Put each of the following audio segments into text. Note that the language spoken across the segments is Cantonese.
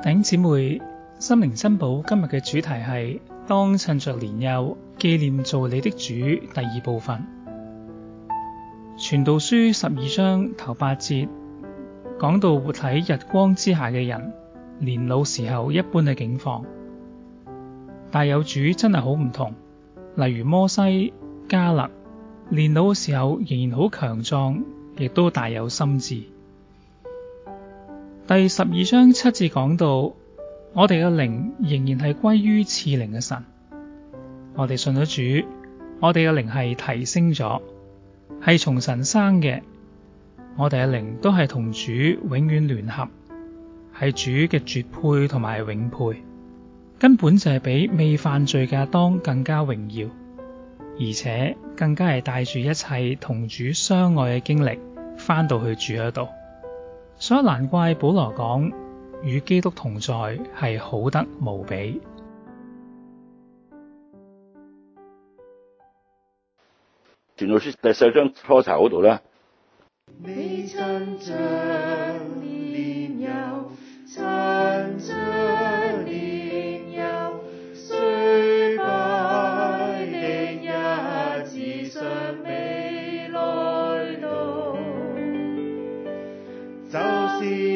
頂姐妹，心靈珍寶今日嘅主題係當趁着年幼，記念造你的主。第二部分，傳道書十二章頭八節講到活喺日光之下嘅人，年老時候一般嘅境況，但有主真係好唔同。例如摩西、迦勒，年老嘅時候仍然好強壯，亦都大有心智。第十二章七字講到，我哋嘅靈仍然係歸於賜靈嘅神。我哋信咗主，我哋嘅靈係提升咗，係從神生嘅。我哋嘅靈都係同主永遠聯合，係主嘅絕配同埋永配，根本就係比未犯罪嘅阿當更加榮耀，而且更加係帶住一切同主相愛嘅經歷回，翻到去主嗰度。所以難怪保羅講，與基督同在係好得無比。傳道書第四章初嗰度咧。.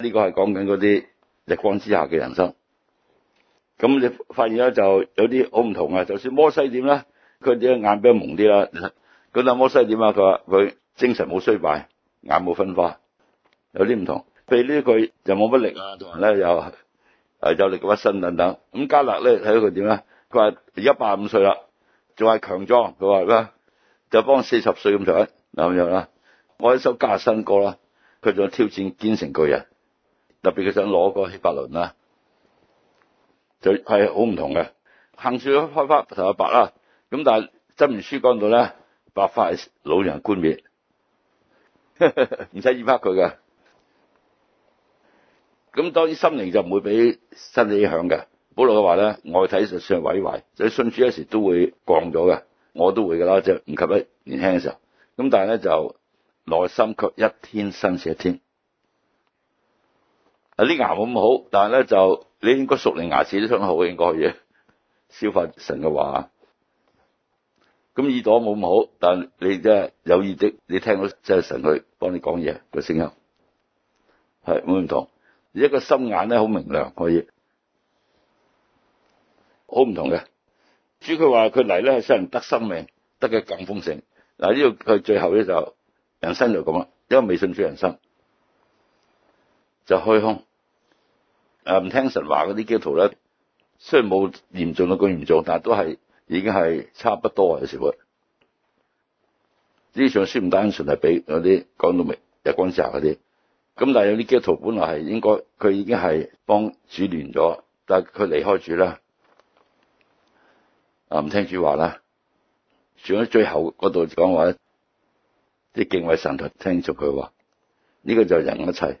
呢個係講緊嗰啲逆光之下嘅人生。咁你發現咧就有啲好唔同啊。就算摩西點啦，佢嘅眼比較蒙啲啦。咁但摩西點啊？佢話佢精神冇衰敗，眼冇分化，有啲唔同。譬如他沒什麼呢句就冇乜力啊，同埋咧又誒有力屈身等等。咁加勒咧睇佢點咧？佢話八十五歲啦，仲係強壯。佢話啦？就幫四十歲咁長嗱咁樣啦。我一首加勒新歌啦，佢仲挑戰堅成巨人。特別佢想攞個希伯崙啦，就係好唔同㗎。杏樹開花頭髮白啦，咁但係《箴言書》講到呢，白髮係老人冠冕，唔使染黑佢㗎。咁當然心靈就唔會俾身體影響㗎。保羅嘅話呢，外體就算毀壞，啲血壓一時都會降咗㗎。我都會㗎啦，就係唔及得年輕嘅時候。咁但係呢，就內心卻一天新似一天。啊！啲牙冇咁好，但係咧就你應該熟你牙齒都聽好應該可以消化神嘅話，咁耳朵冇咁好，但你即係有意的，你聽到即係神佢幫你講嘢個聲音，係冇唔同。一個心眼咧好明亮，可以好唔同嘅。主佢話佢嚟咧係使人得生命，得嘅更豐盛。嗱呢個佢最後咧就人生就咁啦，因為未信主人生就虛空。唔聽神話嗰啲基督徒咧，雖然冇嚴重到咁嚴重，但係都係已經係差不多啊，有時會呢啲書唔單純係俾嗰啲講到明日光之下嗰啲，咁但係有啲基督徒本來係應該佢已經係幫主聯咗，但係佢離開主啦，啊唔聽主話啦，上喺最後嗰度講話，即敬畏神台聽從佢話，呢、這個就係人一切。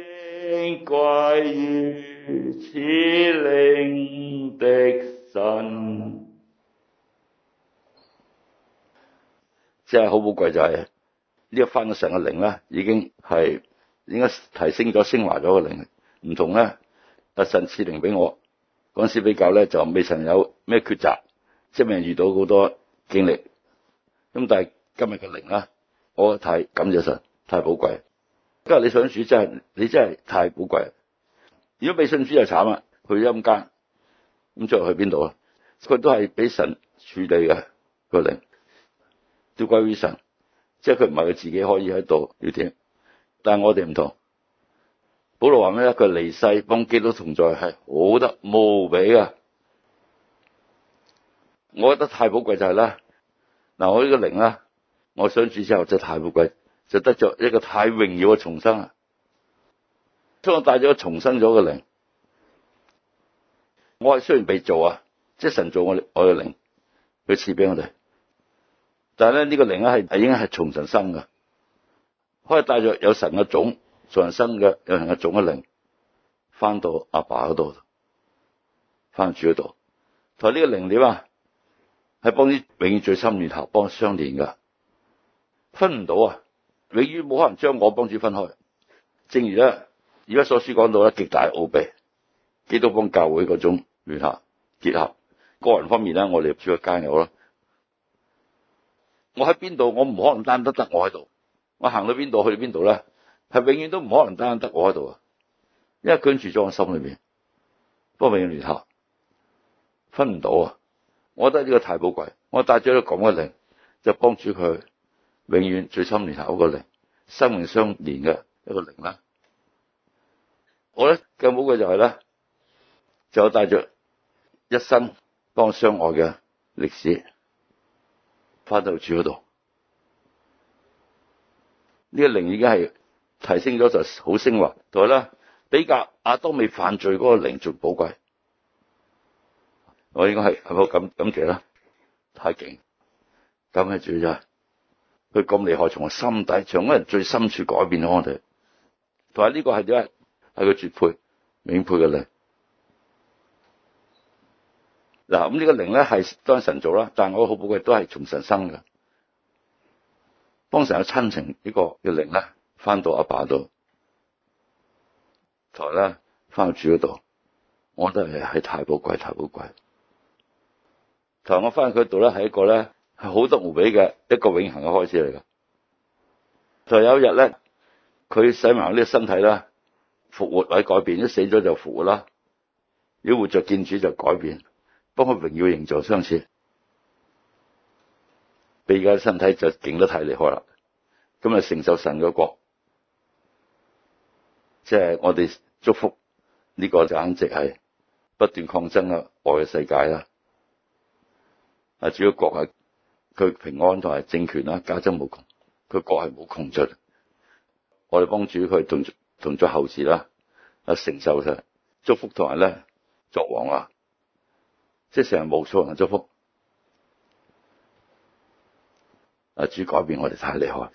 歸於賜靈的神，即係好寶貴，就係呢一翻嘅神嘅靈咧，已經係應該提升咗、升華咗個靈，唔同咧，阿神賜靈俾我，陣時比較咧就未曾有咩抉擇，即係未遇到好多經歷，咁但係今日嘅靈咧，我太感謝神，太寶貴。今日你想住真係你真係太寶貴。如果被信主就慘啦，去陰間咁最後去邊度啦？佢都係俾神處理嘅個靈，都歸於神，即係佢唔係佢自己可以喺度要點。但係我哋唔同，保羅話咩咧？佢離世幫基督同在係好得無比嘅。我覺得太寶貴就係啦。嗱，我呢個靈咧，我想住之後真係太寶貴。就得咗一個太榮耀嘅重生啊！所以我帶咗重生咗嘅靈，我係雖然被造啊，即係神造我的靈，我嘅靈佢賜俾我哋，但係咧呢個靈係已經係從神生嘅，可以帶咗有神嘅種從神生嘅有神嘅種嘅靈翻到阿爸嗰度，翻主嗰度。同埋呢個靈點啊？係幫啲永遠最深源頭幫相連噶，分唔到啊！永遠冇可能將我幫主分開，正如咧而家所書講到咧，極大奧秘，基督幫教會嗰種聯合結合。個人方面咧，我哋入住一間又啦。我喺邊度，我唔可能單得得我喺度。我行到邊度，去到邊度咧，係永遠都唔可能單得我喺度啊！因為佢住咗我心裏邊，不過永遠聯合，分唔到啊！我覺得呢個太寶貴，我帶住咗咁嘅靈，就幫主佢。永遠最深年下嗰個靈，生命相連嘅一個靈啦。我咧更好嘅就係咧，就帶帶着一生當相愛嘅歷史翻到主嗰度。呢、這個靈已經係提升咗就好升華，同埋咧比較亞當未犯罪嗰個靈仲寶貴。我應該係有好咁？咁其啦太勁，咁嘅主就。佢咁厲害，從我心底，從一個人最深處改變咗我哋。同埋呢個係點啊？係個絕配、永配嘅靈。嗱，咁、嗯這個、呢個靈咧係當神做啦，但係我好寶貴都係從神生嘅。當神有親情，這個、靈、呢個嘅靈咧翻到阿爸度，同埋咧翻去主嗰度，我都係喺太寶貴、太寶貴。同埋我翻去佢度咧，係一個咧。係好得無比嘅一個永恆嘅開始嚟噶。就有一日咧，佢使埋呢個身體啦，復活或者改變。一死咗就復活啦，一活着見主就改變，幫佢榮耀形象相似。比較身體就勁得太厲害啦，咁啊承受神嗰國，即係我哋祝福呢個簡直係不斷抗爭啊外嘅世界啦。啊，主要國係。佢平安同埋政權啦，加增冇窮，佢國係冇窮盡，我哋幫主佢同同作後事啦，阿承受神祝福同埋咧作王啊，即係成日無數人祝福，阿主改變我哋太厲害了。